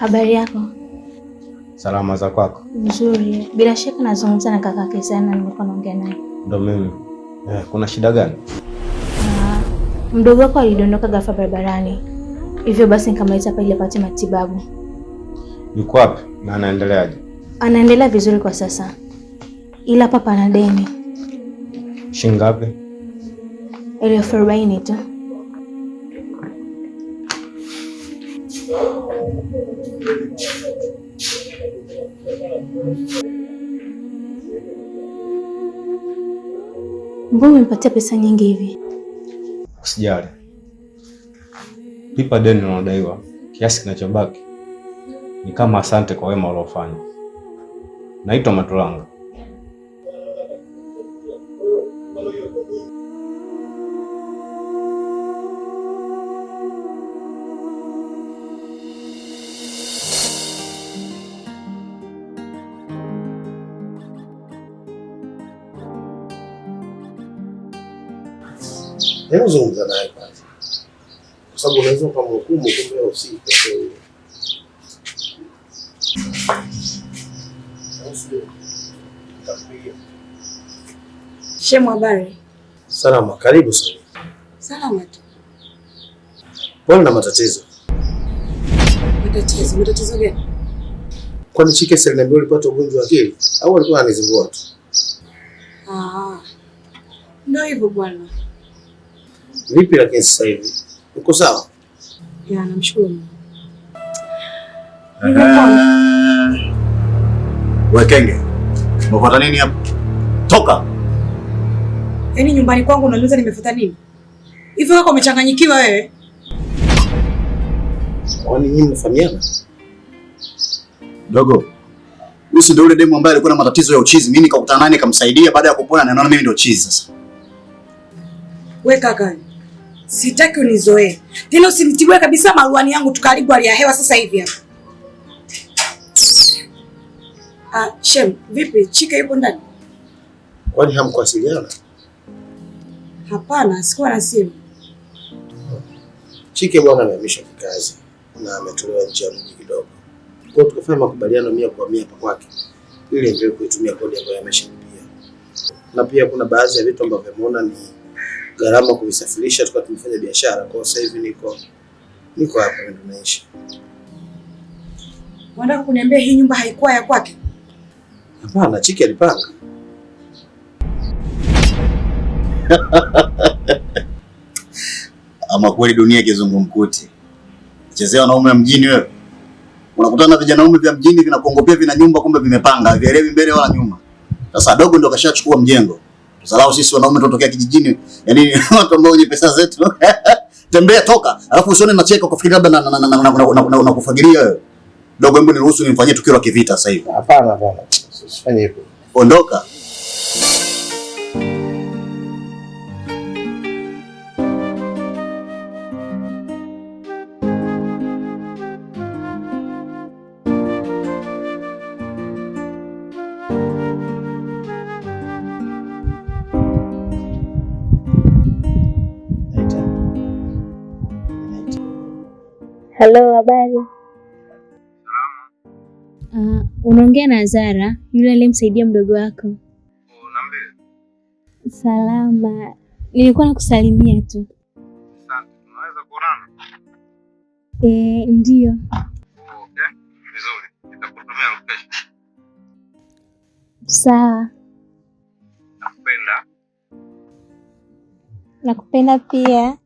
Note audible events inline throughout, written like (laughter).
Habari aku. Salama za kwako? Nzuri. Bila shaka nazungumza na kaka sana, nimekuwa naongea naye. Ndio mimi. Eh, kuna shida gani? Ah, mdogo wako alidondoka ghafla barabarani, hivyo basi nikamaita hapa ili apate matibabu. Yuko wapi na anaendeleaje? Anaendelea vizuri kwa sasa, ila hapa pana deni. Shilingi ngapi? Elfu arobaini tu. Mbona umempatia pesa nyingi hivi? Usijali, lipa deni unaodaiwa. Kiasi kinachobaki ni kama asante kwa wema uliofanya. Naitwa Matulanga. Hebu zungumza naye kwanza, kwa sababu unaweza ukamhukumu kumbe usiku Shemu, habari? Salama. Karibu sana. Salama tu. Pole na matatizo. Matatizo, matatizo gani? Kwani Chike si aliniambia ulipata ugonjwa wa akili au alikuwa ananizimbua tu? Ah, ah. Ndio hivyo bwana. Vipi lakini sasa hivi uko sawa? Ya, namshukuru. Wekenge, umefuata nini hapo? Toka. Yaani nyumbani kwangu unaniuliza nimefuata nini? Hivi wako umechanganyikiwa wewe? Kwani nyinyi mnafahamiana? Dogo. Usi ndio yule demu ambaye alikuwa na matatizo ya uchizi. Mimi nikakutana naye nikamsaidia baada ya kupona na naona mimi ndio chizi sasa. Wewe kaka. Sitaki unizoee tena, usinitibue kabisa maruani yangu, tukaribu hali ya hewa sasa hivi hapa. Ah, Shem, vipi? chika yupo ndani? Kwani hamkuwasiliana? Hapana, sikuwa na simu. Chike bwana amehamisha kikazi na ametolewa nje ya mji kidogo, kwa tukafanya makubaliano mia kwa mia hapa kwake, ili endelee kuitumia kodi ambayo ameshalipia, na pia kuna baadhi ya vitu ambavyo ameona ni gharama kuvisafirisha, tukawa tumefanya biashara kwao. Sasa hivi niko niko hapa ndo naishi. Wanataka kuniambia hii nyumba haikuwa ya kwake? Hapana, Chiki alipanga. Ama kweli dunia kizungumkuti. Chezea wanaume mjini wewe. Unakutana na vijana wanaume vya mjini vinakuongopea vina nyumba kumbe vimepanga, vielewi mbele wala nyuma. Sasa dogo ndo kashachukua mjengo. Tusalau sisi wanaume tunatokea kijijini. Yaani (laughs) watu ambao wenye pesa zetu. (laughs) Tembea toka. Alafu usione nacheka ukafikiria labda na na kufagilia wewe. Dogo, hebu niruhusu nimfanyie tukio la kivita sasa hivi. Hapana, hapana. Usifanye hivyo. Ondoka. Halo, habari. Uh, unaongea na Zara, yule aliyemsaidia mdogo wako. Unaambia? Oh, Salama, nilikuwa nakusalimia tu. Unaweza kuonana? Eh, ndio. Okay, oh, eh, vizuri. Nitakutumia location. Sawa. Nakupenda. Nakupenda pia.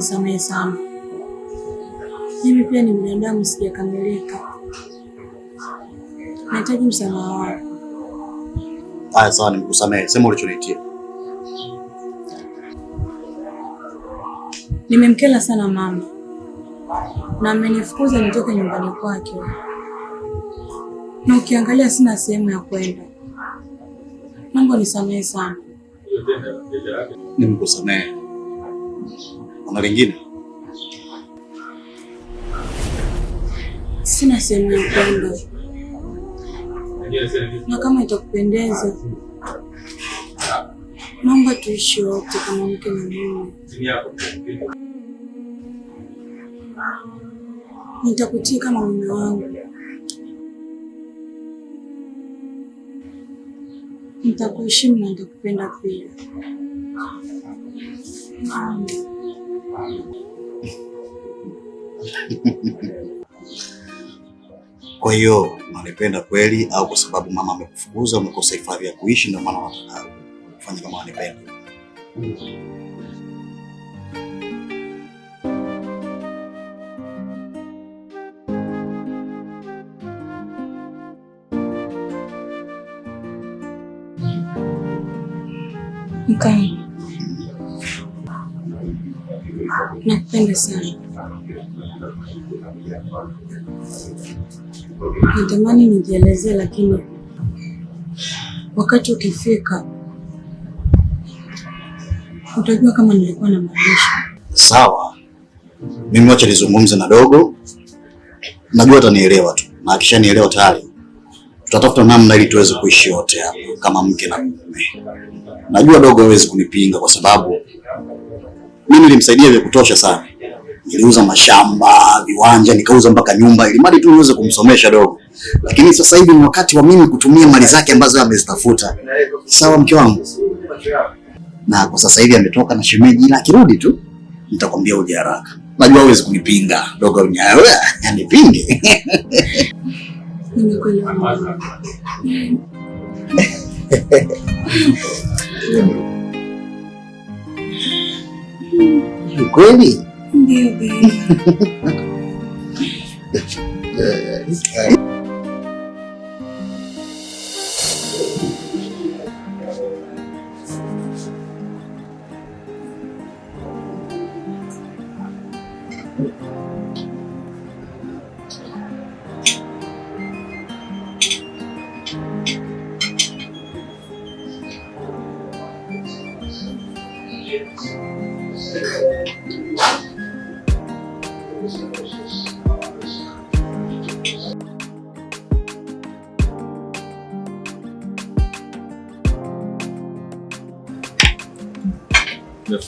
unisamehe sana, mimi pia ni msikia sijakamilika, nahitaji msamaha wako. Haya, sawa, nimekusamehe. Sema ulichonitia. Nimemkela sana mama na amenifukuza nitoke nyumbani kwake, na ukiangalia sina sehemu ya kwenda. Mungu nisamehe sana. Nimekusamehe kuna lingine? Sina sehemu ya kwenda, na kama itakupendeza, naomba tuishi wote kama mke na mume. Nitakutii kama mume wangu, nitakuheshimu na nitakupenda pia. (laughs) Kwa hiyo unanipenda kweli, au kwa sababu mama amekufukuza umekosa hifadhi ya kuishi, ndio maana unataka kufanya kama unanipenda? Mkani, Nakupenda sana. Natamani nijielezee, lakini wakati ukifika utajua kama nilikuwa na maanisha. Sawa, mimi wacha nizungumze na dogo, najua atanielewa tu, na akishanielewa tayari tutatafuta namna ili tuweze kuishi wote hapo kama mke na mume. Najua dogo hawezi kunipinga kwa sababu mimi nilimsaidia vya kutosha sana. Niliuza mashamba, viwanja, nikauza mpaka nyumba ili mali tu niweze kumsomesha dogo. Lakini sasa hivi ni wakati wa mimi kutumia mali zake ambazo amezitafuta. Sawa mke wangu. Na kwa sasa hivi ametoka na shemeji, ila akirudi tu nitakwambia uje haraka. Najua huwezi kunipinga dogo, nyawe (laughs) anipinge. (laughs) Kweli? Ndio. (laughs)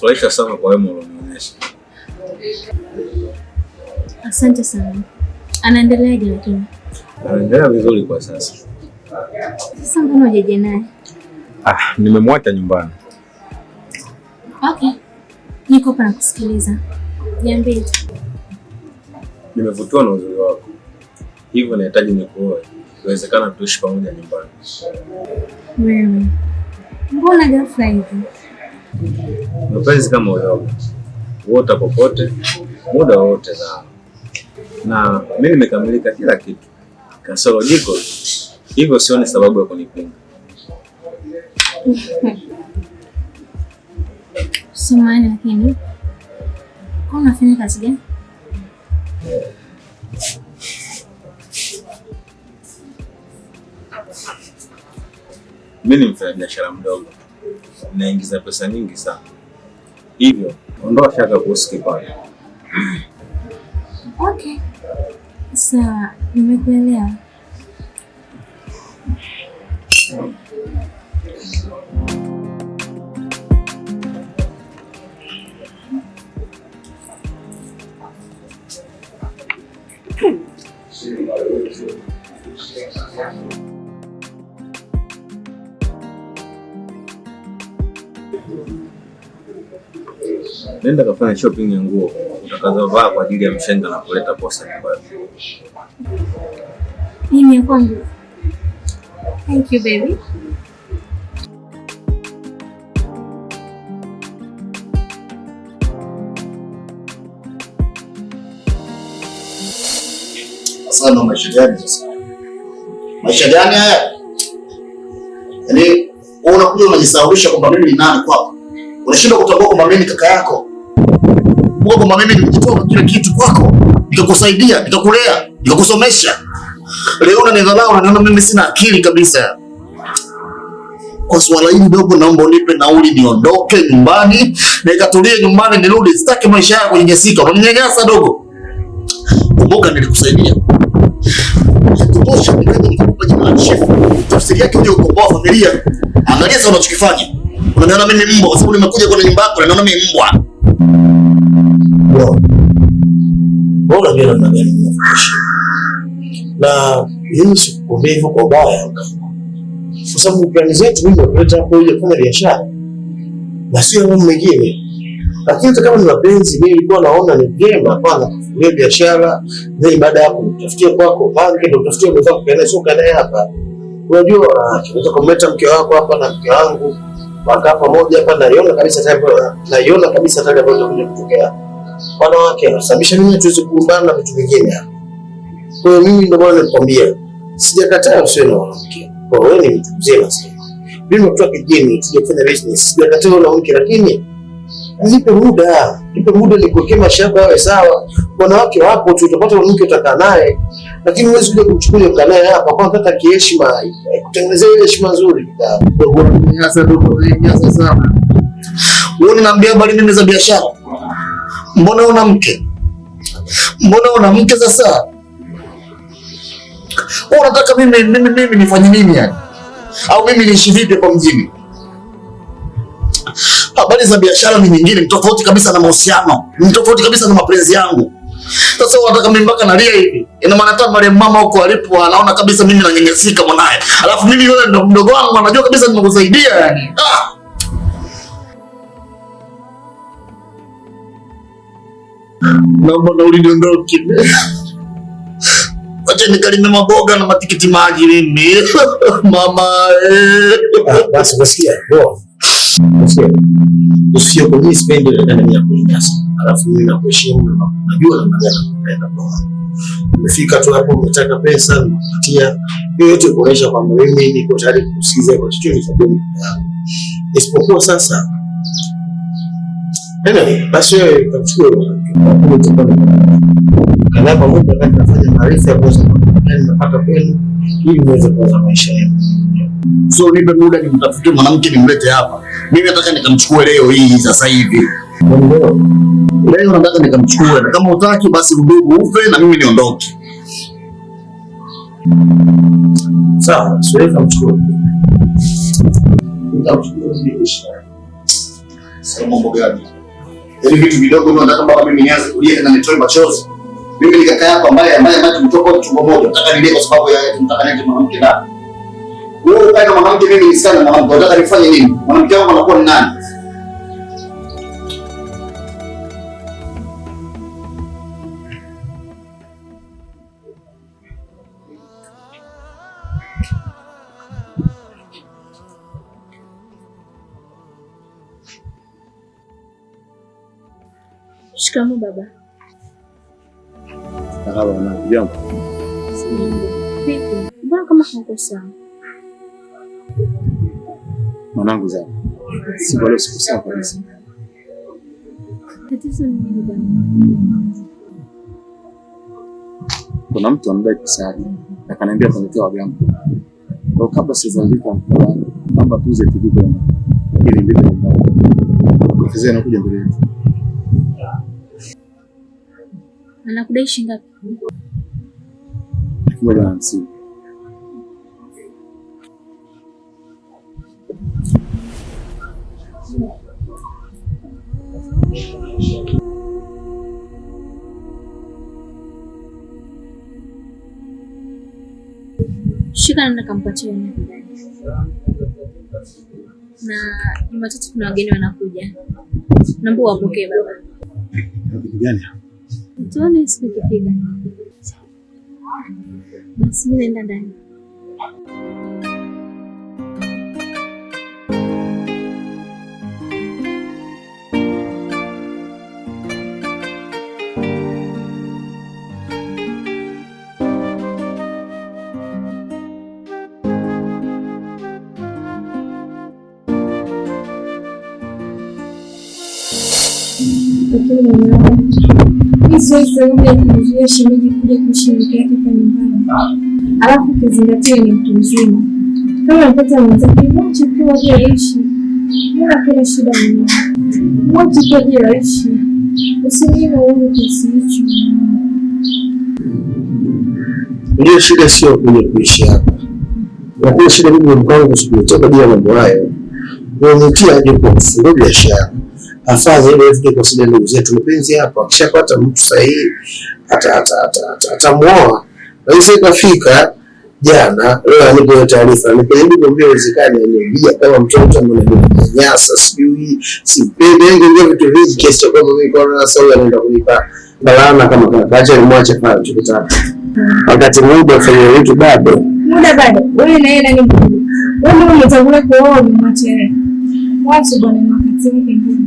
umenifurahisha sana kwa wema ulionionyesha. Asante sana. Anaendeleaje lakini? Anaendelea vizuri kwa sasa. Sasa mbona hujaje naye? Ah, nimemwacha nyumbani. Okay. Niko hapa nakusikiliza. Niambie. Nimevutiwa na uzuri wako, hivyo nahitaji nikuoe. Inawezekana tuishi pamoja nyumbani. Wewe mbona ghafla hivi? mapenzi kama uyoga wota popote muda wowote, na na mimi nimekamilika kila kitu kasoro jiko, hivyo sione sababu ya kunipinga. Samahani, lakini kwa unafanya kazi gani? Mimi ni mfanya biashara mdogo mnaingiza pesa nyingi sana, hivyo ondoa shaka kuhusu kipato. Okay, sawa, nimekuelewa. Nenda kafanya shopping ya nguo utakazovaa kwa ajili ya mshenga na kuleta posa nyumbani. Mimi ya kwangu. Thank you baby. Sana maisha gani sasa? Maisha gani haya? Yaani unakuja unajisahulisha kwamba mimi ni nani kwako? Unashindwa kutambua kwamba mimi kaka yako, kwamba mimi nilitoa kila kitu kwako, nikakusaidia, nikakulea, nikakusomesha. Leo unanidharau, unaniona mimi sina akili kabisa. Kwa swala hili dogo, naomba unipe nauli niondoke nyumbani na ikatulie nyumbani nirudi. Sitaki maisha yako kunyanyasika. Unanyanyasa dogo. Kumbuka nilikusaidia. Kumbuka nilikupa jina la Chifu. Tafsiri yake ndio kukomboa familia. Angalia sasa unachokifanya unaniona mimi ni mbwa kwa sababu nimekuja kwa nyumba yako, unaniona mimi mbwa. Na hii sikukwambia hivyo kwa ubaya, kwa sababu plani zetu hizo tunaleta hapo ili kufanya biashara na sio mambo mengine. Lakini kama ni mapenzi, mimi nilikuwa naona ni vyema kwanza kufungulia biashara, then baada ya hapo nitafutia kwako banki, ndio utafutia mwenzako, kwenda, sio kaenda hapa. Unajua, unaweza ah, kumleta mke wako hapa na mke wangu wakaa pamoja hapa, naiona kabisa, naiona kabisa hatari ambayo itakuja kutokea. Wanawake wanasababisha nini? Tuweze kuumbana na vitu vingine. Kwa hiyo mimi ndio maana nilikwambia, sijakataa usiwe na mwanamke, kwa wewe ni mtu mzima sana. Mimi mtoka kijini, tuje kufanya business, sijakataa na mwanamke lakini nipe muda, nipe muda likuwekee mashaka yawe sawa. Wanawake wapo tu, utapata mwanamke utakaa naye, lakini huwezi kuja kumchukulia ukaa naye hapa, kwa kata kiheshima, kutengenezea ile heshima nzuri. Uone naambia habari nene za biashara, mbona una mke, mbona una mke sasa? Unataka mimi mimi mimi nifanye nini yani? Au mimi niishi vipi kwa mjini? habari za biashara ni nyingine, tofauti kabisa na mahusiano, ni tofauti kabisa na mapenzi yangu. Sasa wanataka mimi mpaka nalia hivi. Ina maana hata mali mama huko alipo anaona kabisa mimi nanyenyesika mwanae. Alafu mimi yule ndo mdogo wangu anajua kabisa nimekusaidia yani. Ah. Naomba na ulidondoki. Wacha nikalime maboga na matikiti maji mimi. (laughs) Mama. Eh. Ah, basi unasikia. Wow. Usije kuni spend ile ndani ya kunyanyasa. Alafu mimi nakuheshimu na najua namna gani nakupenda kwa. Umefika tu hapo umetaka pesa nikupatia. yote kuonesha kwamba mimi niko tayari kukusikiza kwa chochote Isipokuwa sasa Yaani, basi wewe kachukue kadhaa kwa wakati nafanya maarifa ya kuweza napata kwenu, ili niweze kuanza maisha yenu. So nipe muda nimtafute mwanamke nimlete hapa. Mimi nataka nikamchukue leo hii sasa hivi. Leo nataka nikamchukue, na kama utaki basi udugu ufe na mimi niondoke. Sawa, siwezi kumchukua. Nitamchukua hivi. Sasa mambo gani? Yaani vitu vidogo hivyo, nataka mpaka mimi nianze kulia na nitoe machozi. Mimi ni kaka yako ambaye ambaye ambaye tumetoka chumba moja, Nataka nilie kwa sababu ya tunataka nende mwanamke na. Wewe ukae na mwanamke mimi ni na mwanamke. Nataka nifanye nini? Mwanamke wangu anakuwa ni nani? Shikamoo baba. Marhaba mwanangu, jambo. Vipi? Mbona kama hauko sawa? Mwanangu zangu. Siku leo siku sawa kabisa. Tatizo ni nini baba? Kuna mtu ambaye kusadi akaniambia kunitia wagangu. Kwa kabla sijazalika mkoa kwamba tuuze TV kwenda. Ili mbele ndio. Kwa sababu mbele yetu. Anakudai shilingi ngapi? Moja na hamsini. Shika nenda kampatia na Jumatatu kuna wageni wanakuja, naomba wapokee baba. Tuone tukipiga basi, mimi naenda ndani. siwezi sababu ya kumzuia shemeji kuja kuishi mke yake hapa nyumbani, alafu ni mtu mzima. Kama mwenzake mwache tu aishi, kuna shida mwenyewe, mwache tu aishi, kiasi hicho. Ndiyo shida sio kuja kuishi hapa, lakini shida mimi mkwangu kushughulikia kwa ajili mambo hayo, unavutia aje kwa biashara Afadhali hivyo tukikonsider ndugu zetu mpenzi hapa akishapata mtu sahihi atamuoa. Lakini ikafika jana, leo anipewe taarifa, nipeleke kumbe uwezekani anirudia kama mtoto ananyanyasa, sijui yangu ndio vitu vingi, kesi cha kwamba mimi kwa sasa huyu anaenda kunipa balaa kama baba, acha nimwache pale tukutane, wakati mmoja fanya vitu bado muda bado, wewe na yeye nani, wewe umetangulia kuoa, mwache wewe, mwache bwana, wakati mwingine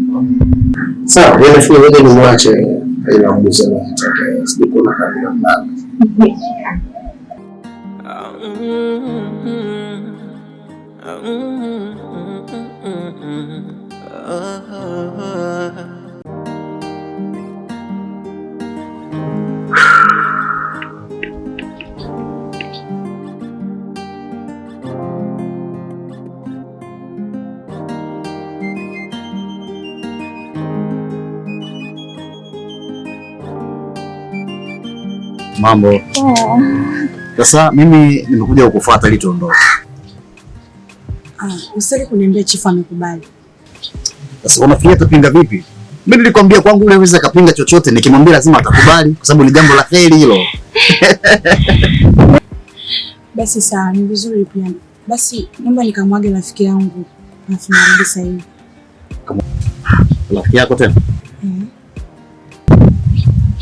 Sawa, nafikiri nimwache inaongozana atake sikuna kabila mlalo Mambo. Oh. Sasa Mimi nimekuja kukufuata ili tuondoke. Ah, usitaki kuniambia chifu amekubali. Sasa unafikia tupinga vipi? Mimi nilikwambia kwangu yule hawezi kapinga chochote, nikimwambia lazima atakubali kwa sababu ni jambo la kheri hilo. (laughs) Basi sawa, ni vizuri pia. Basi naomba nikamwage rafiki yangu. Rafiki sasa hivi. Rafiki yako tena?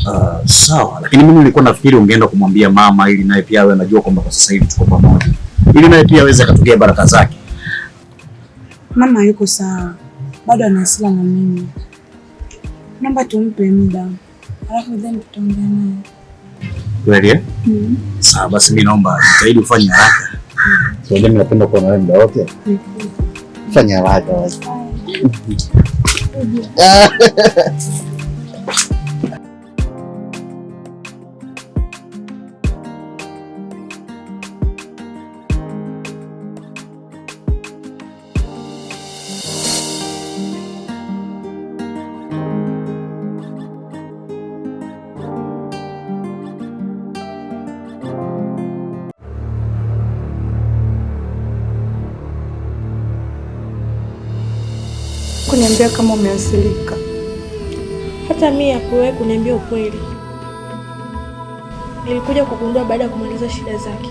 Uh, sawa, lakini mimi nilikuwa nafikiri ungeenda kumwambia mama ili naye pia awe anajua kwamba kwa sasa hivi tuko pamoja, ili naye pia aweze akatokea baraka zake. Mama yuko sawa, bado ana hasira na mimi, naomba tumpe muda, alafu then tutaongea naye. Kweli eh? Mm. Mm-hmm. Sawa basi, mimi naomba zaidi ufanye haraka. mimi napenda kuwa nawe muda wote. Mm-hmm. Fanya haraka basi. (laughs) kuniambia kama umeasilika. Hata mimi hakuwahi kuniambia ukweli. Nilikuja kugundua baada ya kumaliza shida zake.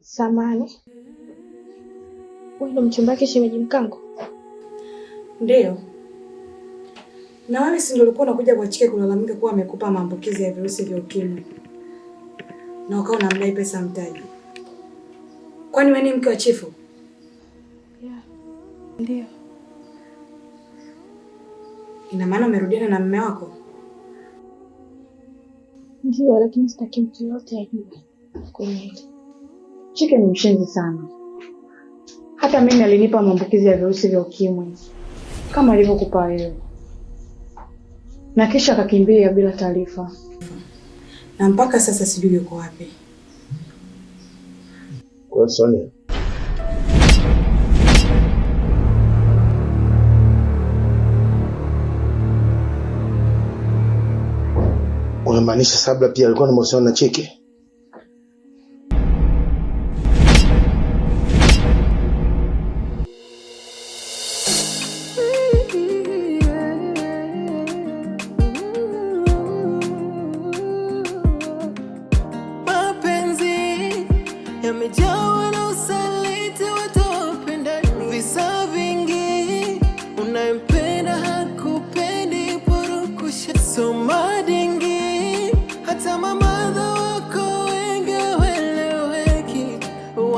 Samani, wewe ndo mchumba wake shemeji Mkango? Ndio. Na wewe si ndio ulikuwa unakuja kwa Chike kulalamika kuwa amekupa maambukizi ya virusi vya ukimwi na ukawa unamdai pesa mtaji? Kwani wewe ni mke wa chifu? Yeah. Ndio. Ina maana umerudiana na mume wako? Ndio, lakini sitaki mtu yote ajue kwenye hili. Chike ni mshenzi sana, hata mimi alinipa maambukizi ya virusi vya ukimwi kama alivyokupa wewe na kisha akakimbia bila taarifa, na mpaka sasa sijui yuko wapi. Kwa Sonia unamaanisha Sabla pia alikuwa na mahusiano na Cheke?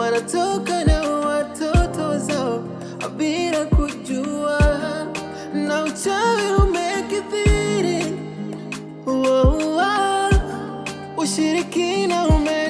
wanatoka na watoto zao bila kujua, na uchawi umekithiri, ushirikina ume